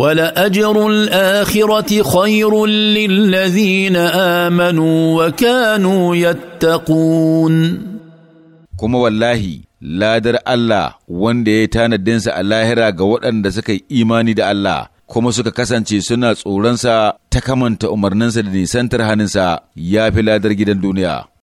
ولأجر الآخرة خير للذين آمنوا وكانوا يتقون كما والله لا در الله وان دي تانا دنسا الله را غوط ان دسك ايماني دا الله كما سكا كسان چي سنة سورانسا تكامن تأمرننسا دني سنتر هننسا يا في لا در جدن دنيا